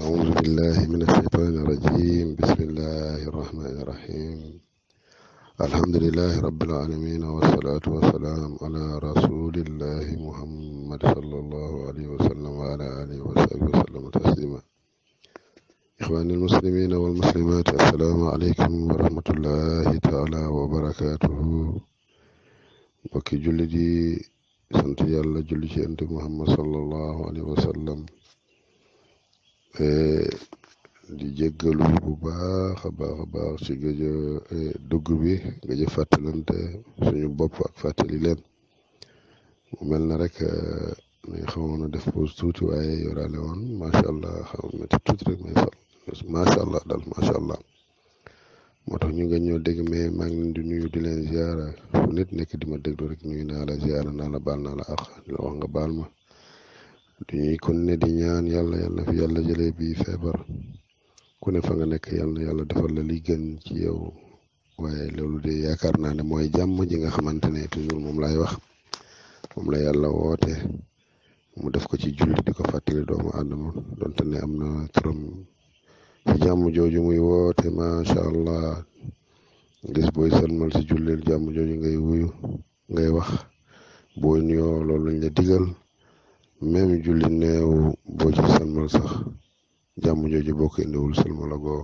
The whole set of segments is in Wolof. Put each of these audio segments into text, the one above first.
أعوذ بالله من الشيطان الرجيم بسم الله الرحمن الرحيم الحمد لله رب العالمين والصلاة والسلام على رسول الله محمد صلى الله عليه وسلم وعلى آله وصحبه وسلم تسليما إخواني المسلمين والمسلمات السلام عليكم ورحمة الله تعالى وبركاته mbokki jullit yi sant yàlla julli ci ante Muhammad sallallahu alayhi wa sallam Eh, di jéggalu bu baax a baax a baax ci gëj a eh, dugg bi gëj a fàttalante suñu bopp ak fàttali leen mu mel na rek nañ eh, xamoon a def pause tuuti waaye yoraale woon macha allah xamoon na ci tuuti rek macha allah daal macha allah moo tax ñu nga ñëw dégg mais maa ngi leen di nuyu di leen ziara fu nit nekk di ma déglu rek nuyu naa la ziara naa la baal naa la ak di la wax baal ma. di kon ne di ñaan yàlla yàlla fi yàlla jëlee bi feebar ku ne fa nekk yàlla yàlla defal la li gën ci yow waaye loolu de yaakaar naa ne mooy jàmm ji nga xamante ne toujours moom laay wax moom la yàlla woote mu def ko ci julli di ko fàttali doomu aadama donte ne am na turam jàmm jooju muy woote macha allah gis booy sëlmal si jullil jàmm jooju ngay wuyu ngay wax booy nuyoo loolu lañ la digal. même julli néew boo ci salmal sax jàmm jooju bokk indiwul salmal agoo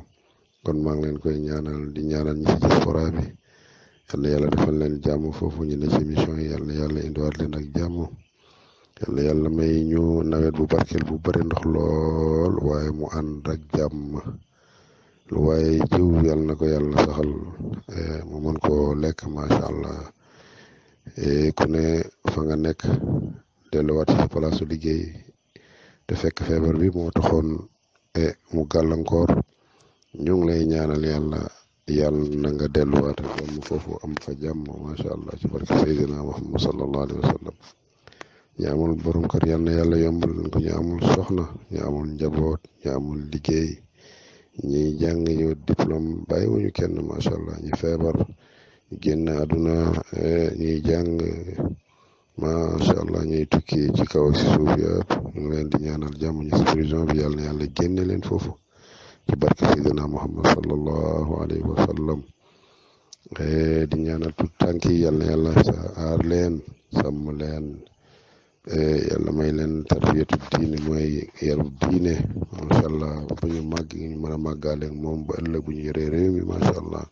kon maa ngi leen koy ñaanal di ñaanal ñi si diaspora bi yal na yàlla defal leen jàmm foofu ñu ne ci mission yi yal na yàlla indiwaat leen ak yàlla may ñu nawet bu barkeel bu bëri ndox lool waaye mu ànd ak jàmm waaye jiw yal na ko yàlla saxal eh, mu mën koo lekk macha allah eh, ku ne fa nga nekk delluwaat ci sa liggéey te fekk feebar bi moo taxoon e mu gàllankoor ñu ngi lay ñaanal yàlla yàlla na nga delluwaat foofu am fa jàmm macha allah ci barke Seydina Muhammad sallallahu alayhi wa sallam borom kër na yàlla yombal ko amul soxna ñu amul njaboot ñu amul liggéey ñi jàng ñu diplôme bàyyiwuñu kenn macha allah ñu feebar génn àdduna eh, ñi jàng. macha allah ñuy tukkee ci kaw ak si suuf yëpp ñu ngi leen di bi yàlla na yàlla génne leen foofu ci barke Seydina Muhammad sallallahu alayhi wa sallam eh, di ñaanal tout tànk yi yàlla na yàlla sa aar leen sàmm leen eh, yàlla may leen tarbiyatu diine mooy yaru diine macha allah bu ñu màgg ñu mën a màggaaleeg moom ñu yoree réew mi macha allah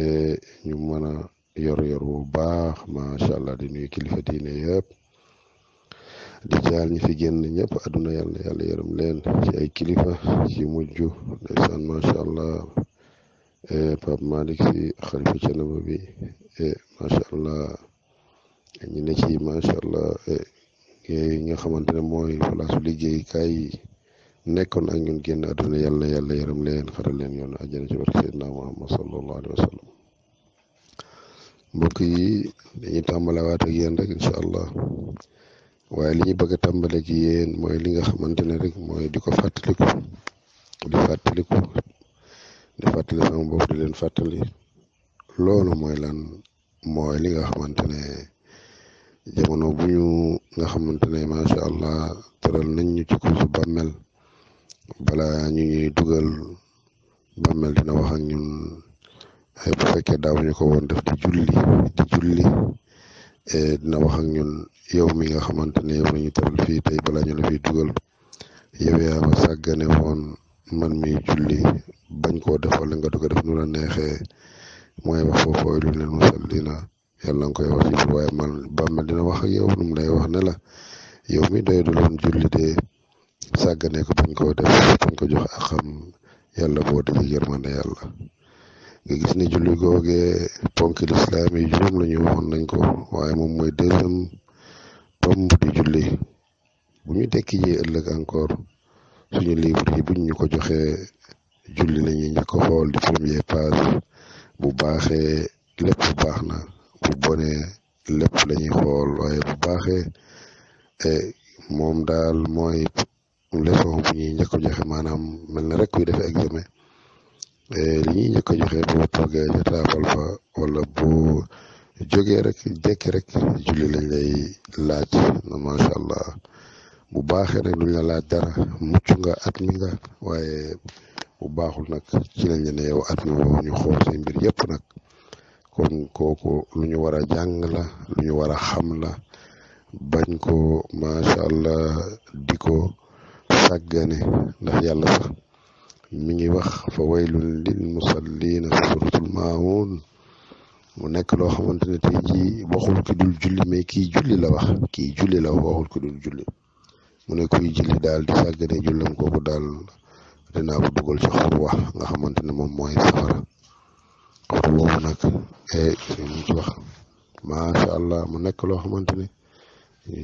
eh, ñu mën a. yor yor bu baax macha allah di nuyu kilifa diine yëpp di jaal ñi fi génn ñëpp àdduna yàlla yàlla yërëm leen ci ay kilifa ci mujj ndeysaan macha allah eh, Pape Malick si xalifa Thiénaba bi eh, macha allah ñu ne ci macha allah eh, nga xamante ne mooy place liggéeykaay yi nekkoon ak ñun génn àdduna yàlla yàlla yërëm leen xaral leen yoon àjjana ci barke Seydina Muhammad sallallahu alayhi wa mbokk yi dañuy tàmbalawaat ak yéen rek incha allah waaye li ñu bëgg a tàmbale ak yéen mooy li nga xamante ne rek mooy di ko fàttaliku di fàttaliku di fàttali sama bopp di leen fàttali loolu mooy lan mooy li nga xamante ne jamono bu ñu nga xamante ne macha allah tëral nañ ñu ci kursu bàmmel balaa ñu ñuy dugal bàmmel dina wax ak ñun. bu fekkee daawuñu ko woon def di julli di julli e, dina wax ak ñun yow mi nga xamante ne yow la ñu tëral fii tey balaa ñu la fiy dugal yow yaa sàggane woon man mi julli bañ koo defal nga du ko def nu la neexee mooy wax foofu lu leen musal dina yàlla nga koy wax ci biir man bàmmeel dina wax ak yow nu mu lay wax ne la yow mi doy du loon julli de sàggane ko bañ koo def bañ ko jox ak xam yàlla boo dajee yërmande yàlla. nga gis ne julli googee ponk lislaam yi juróom la ñu waxoon nañ ko waaye moom mooy deuxième tomb di julli bu ñu tekki jee ëllëg encore suñu livre yi buñ ñu ko joxee julli la ñuy njëkk a xool di premier page bu baaxee lépp baax na bu bonee lépp la xool waaye bu e moom daal mooy leçon bu ñuy njëkk a joxe maanaam mel na rek kuy defee examen Eh, li ñuy njëkk a joxe bu toogee ca taabal ba wala bu jógee rek jekki rek julli lañ lay laaj na macha allah bu baaxee nag duñ la laaj dara mucc nga at mi nga waaye bu baaxul nag ci lañ la ne yow at mi moom ñu xool seen mbir yëpp nag kon kooku lu ñu war a jàng la lu ñu war a xam la bañ ko macha allah di ko sàggane ndax yàlla sax. mi ngi wax fa waylun lil musallina suratul maun mu nekk loo xamante ne tey jii waxul ki dul julli mais kii la wax kii julli la waxul ki dul julli mu ne kuy julli daal di sàggane jullam kooku daal dinaa ko dugal ci nga xamante ne moom mooy safara xur boobu nag e, mu wax macha allah mu nekk loo xamante ne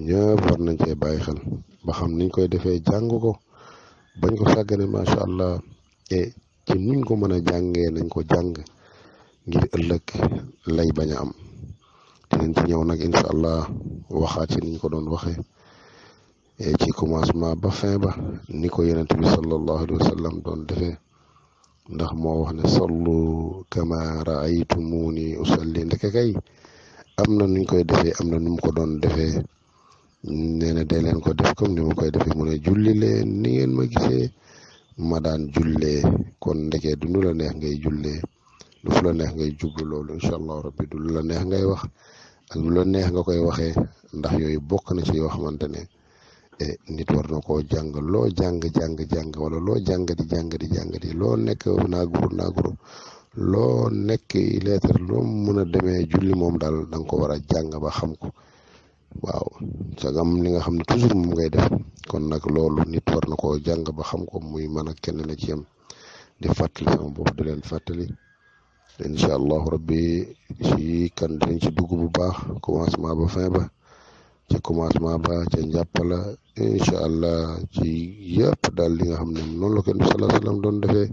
ñëpp war nañ cee bàyyi xel ba xam niñ koy defee jàng ko bañ ko ne macha allah te ci nuñ ko mën a jàngee nañ ko jàng ngir ëllëg lay bañ a am dinañ ci ñëw nag incha allah waxaat ci niñ ko doon waxee ci commencement ba fin ba ni ko yonent bi sallallahu alayhi wa sallam doon defee ndax moo wax ne sallu kama raaytumuni usalli ndeke kay am na nuñ koy defee am na nu mu ko doon defee nee na day leen ko def comme ni ma koy defee mu ne julli le ni ngeen ma gisee ma daan jullee kon ndeke du nu la neex ngay jullee lu fu la neex ngay jublu loolu incha allah rabbi du lu la neex ngay wax ak lu la neex nga koy waxee ndax yooyu bokk na ci yoo xamante ne e, nit war na ko jàng loo jàng jàng jàng wala loo jàngati jàngati jàngati loo nekk naa guru naa guru loo nekk lettre loo mun a demee julli moom daal da nga ko war a jàng ba xam ko. waaw sagam li nga xam ne toujours moom ngay def kon nag loolu nit war na koo jàng ba xam ko muy man ak kenn na ci yam sama bo di leen fàttali incha allahu rabbi si kan dinañ ci dugg bu baax commencement ba fin ba ci commencement ba ca njàppala incha allah ci yëpp daal li nga xam ne noonu la ko nabi sallallahu doon defee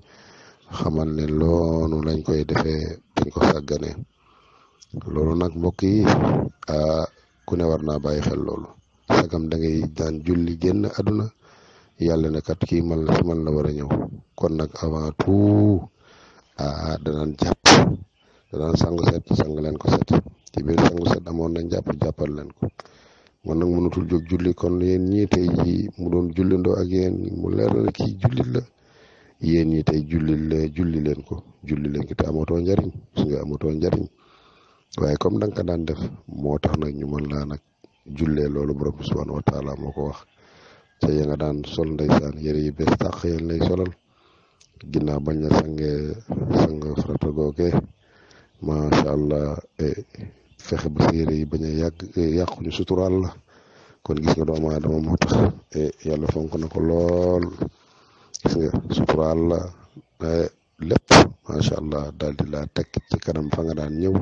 xamal ne loonu lañ koy defee dañ ko sàggane loolu nag mbokk yi ah, ku ne war naa bàyyi xel loolu sagam da ngay daan julli génn àdduna yàlla ne kat kii man la si man la war a ñëw kon nag avant tout ah danaan jàpp danaan sangu set sang leen ko set ci biir sangu set amoon nañ jàpp jàppal leen ko mon nag mënutul jóg julli kon yéen ñii tey mu doon jullindoo ak yéen mu leer la kii jullit la yéen ñi tey julli la julli leen ko julli leen ko te amatoo njariñ su nga amatoo njariñ waaye comme da nga daan def moo tax nag ñu mën laa nag jullee loolu borom bi moo ko wax ca ya daan sol ndeysaan yére yi bees tàq yéen lay solal ginnaaw bañ na sangee sang farata googee macha allah e, fexe ba sa yére yi bañ a yàgg e, yàquñu suturaal la kon gis nga doomu aadama moo tax e, yàlla fonk na ko lool gis nga suturaal la lépp macha allah daal di laa teg ci kanam fa nga daan ñëw.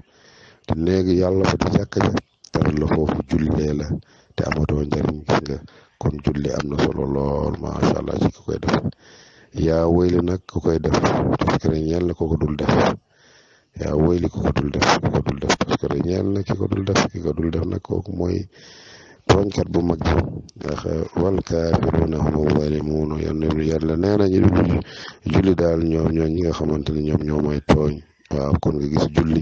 te léegi yàlla fa di jàkk ja teral la foofu la te amatoo njariñ gis nga kon julli am na solo lool macha allah ci ku koy def yaa wéyli nag ku koy def parce que ñeel na ko dul def yaa wéyli ku ko dul def ku ko dul def parce que ñeel na ki ko dul def ki ko dul def nag kooku mooy tooñkat bu mag wal kaafiruuna humu zaalimuun yàlla nee julli daal ñoom ñoo ñi nga xamante ne ñoom ñoo mooy tooñ waaw kon nga gis julli.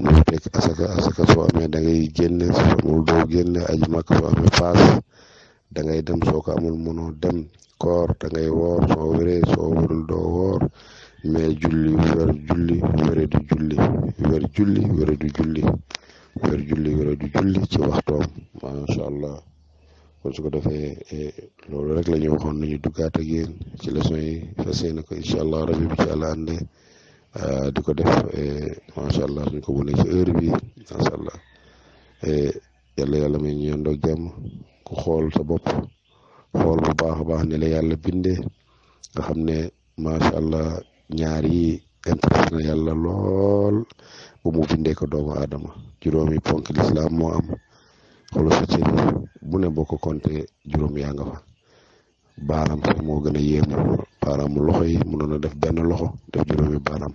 mu teg asaka asaka soo amee da ngay génne soo amul doo génne aji màkk soo amee paas da ngay dem soo ko amul mënoo dem koor da ngay woor soo wéree soo wérul doo woor mais julli wér julli wére du julli wér julli wére julli wér julli ci waxtoom macha allah kon su ko defee eh, loolu rek la ñu waxoon nañu duggaat ak yéen ci leçon yi fas yéene ko allah rabi bi ci Euh, di ko def eh, macha allah suñ ko bi macha allah eh, yàlla yàlla may ñu yendoo jàmm ku xool sa bopp xool bu baax a baax ni la yàlla bindee nga xam ne macha allah ñaar yi na yàlla lool ba mu bindee ko doomu aadama juróomi ponk lislaam moo am xolu sa cër bu ne boo ko compté juróom yaa fa baaram sax moo gën a yéemu baaraamu loxo yi mënoon a def benn loxo def juróomi baaraam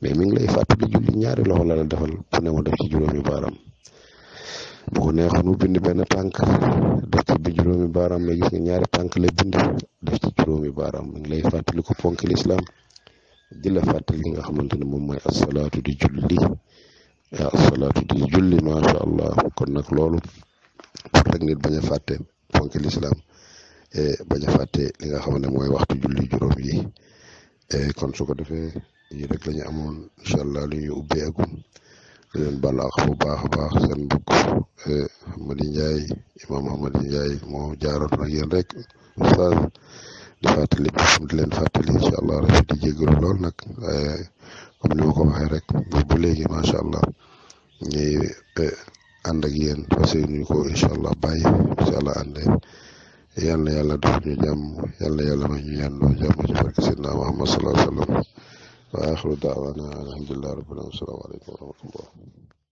mais mi ngi lay fàttali julli ñaari loxo la la defal bu ne mu def ci juróomi baaraam bu bind benn tànk def ci bi juróomi baaraam mais gis nga ñaari tànk la bind def ci juróomi baaraam mi ngi lay fàttali ko ponk lislaam di la fàttali li nga xamante ne moom mooy asalaatu di julli asalaatu di allah kon nag loolu pour rek nit bañ a fàtte ponk lislaam E, bañ a fàtte li nga xam ne mooy waxtu julli juróom yi e, kon su ko defee yi rek la amoon incha allah lu ñu ubbee akum di leen balaax bu baax a baax seen mbokk e, Amady Ndiaye imaam Amady Ndiaye moo jaaroon nag yéen rek oustaz di fàttali boppam di leen fàttali incha allah rek te jégalu lool nag waaye comme ni ma ko waxee rek bu léegi macha allah ñuy ànd ak yéen fas yéene ñu ko allah bàyyi incha allah àndee. yal na yàlla def ñu jàmm yal na yàlla may ñu yendoo jàmm ci barke Seydina Muhammad sallallahu alayhi wa sallam wa axiru daawaana alhamdulillahi rabbil alamin assalaamu aleykum wa rahmatullah